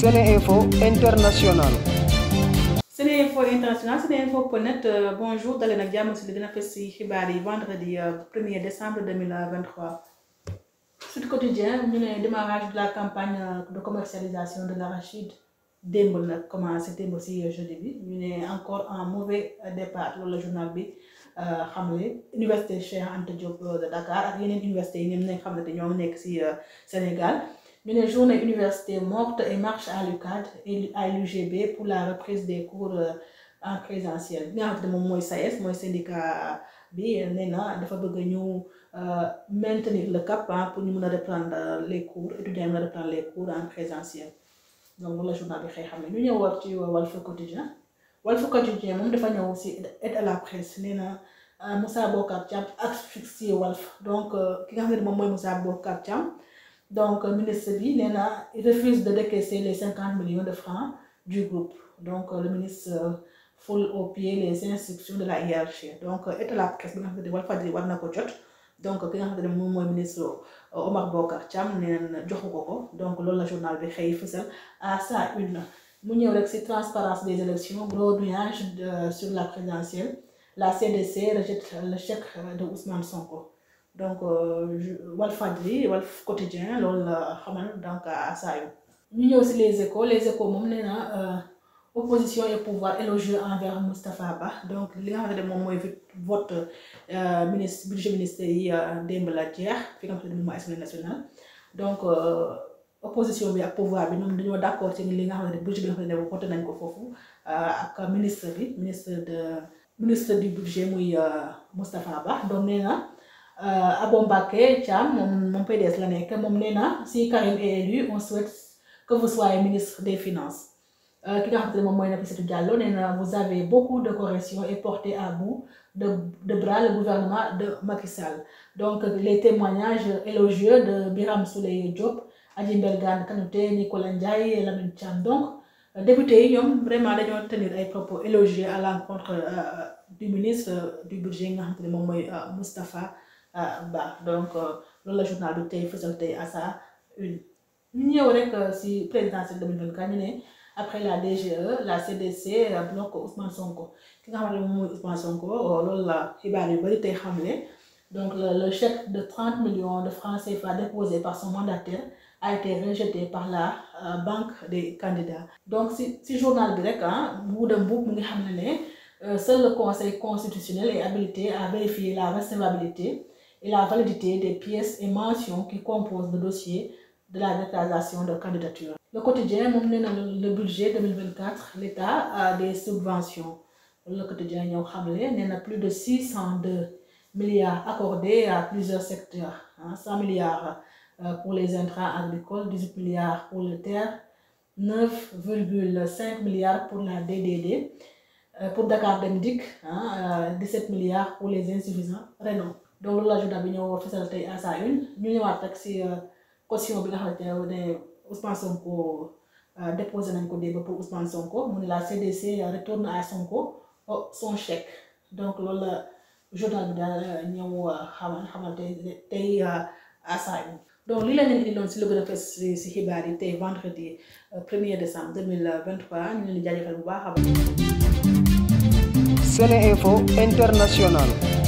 Sénéinfo International. Sénéinfo International Sénéinfo point net euh, bonjour daleen ak jàmm si li gën a fës si xibaar yi vendredi 1er euh, décembre 2023. Sud Quotidien ñu ne démarrage de la campagne euh, de commercialisation de la l'arachide démb nag commencé démb si jeudi bi ñu ne encore en mauvais départ loolu la journal bi xam ne université Cheikh Anta Diop de Dakar ak yeneen université yi ñoom ñoo xam ne ñoom nekk si Sénégal. ñu ne journée université morte et marche à l'UCAD et à l'UGB pour la reprise des cours euh, en présentiel bi nga xam ne moom mooy SAES mooy syndicat bi nee na dafa bëgg ñu euh, maintenir le cap pour ñu mën a reprendre les cours les cours en présentiel donc loolu xam ne ñu ñëw war ci Walf Quotidien Walf Quotidien dafa ñëw si aide à la presse nee na euh, Moussa Bocar Thiam asphyxié Walf donc ki nga xam ne moom mooy Moussa Bocar Thiam. donc euh, ministre bi nee na il refuse de les cinquante millions de francs du groupe donc euh, le ministre euh, foule au pied les instructions de la hiérarchie donc état la presse bi nga xamante ne Walfadjri war na ko jot donc ki nga xamante ne moom mooy ministre Omar Bocar Thiam nee na joxu ko ko donc loolu la journal bi xëy fësal à sa une mu ñëw rek ci transparence des élections gros nuage sur la présidentielle la CDC rejette le chèque de Ousmane Sonko. donc euh, Walfadjri Walf Quotidien loolu la xamal donc asaayu ñu ñëw si les échos les échos moom nee na euh, opposition et pouvoir donc li nga xamante ne moom mooy vote euh, ministre budget ministère yi démb la jeex fi nga xamante ne moom mooy assemblée nationale donc opposition bi ak pouvoir bi ñoom dañoo d'accord ci li nga xamante ne budget bi nga nañ ko foofu ak ministre bi ministre de ministre du budget muy Moustapha Ba donc nee Euh, Abo Mbacké Thiam moom la nekk moom nee na si élu on souhaite que vous ministre des finances euh, ki nga xam ne moom mooy Nafisatou Diallo nee na vous avez beaucoup de corrections et portez à bout de de bras le gouvernement de Macky Sall donc les témoignages élogieux de Birame Souleye Diop Adji Mbergane Kanouté Nicolas Ndiaye Lamine Thiam donc euh, député yi ñoom vraiment dañoo tenir ay propos élogieux à l'encontre du ministre du budget nga xam ne moom mooy Moustapha Ah, ba donc euh, loolu la journal bi tey fësal tey à sa une ñu ñëw rek euh, si présidentielle 2024 ñu ne après la DGE la CDC bloque euh, Ousmane Sonko ki nga xam ne moom mooy Ousmane Sonko loolu la xibaar yu bari tey xamle donc le chèque de 30 millions de francs fa déposé par son mandataire a été rejeté par la banque des candidats donc si journal bi rek ah Bouda Mboup mu ngi xam ne ne seul conseil constitutionnel est habilité à vérifier la recevabilité et la validité des pièces et mentions qui composent le dossier de la déclaration de candidature. Le quotidien moom nee le budget l'État a des subventions le quotidien ñëw xamle nee na plus de 602 milliards accordés à plusieurs secteurs 100 milliards euh, pour les intrants milliards pour les terres milliards pour la DDD euh, pour Dakar Dem Dikk euh, milliards pour les insuffisants rénaux donc loolu la journal bi ñoo fesal tey à sa une ñu ñëwaat euh, bi nga xamante ne Ousmane Sonko euh, déposé nañ ko démb pour Ousmane Sonko mu ne la CDC retourne à Sonko oh, son chèque donc loolu la journal bi daal euh, ñëw xamal xamal tey tey à une donc lii leen indi loon si lu gën a fës si xibaar yi tey vendredi premier décembre deux mille vingt trois ñu leen di jaajëfal bu baax a baax. Info International.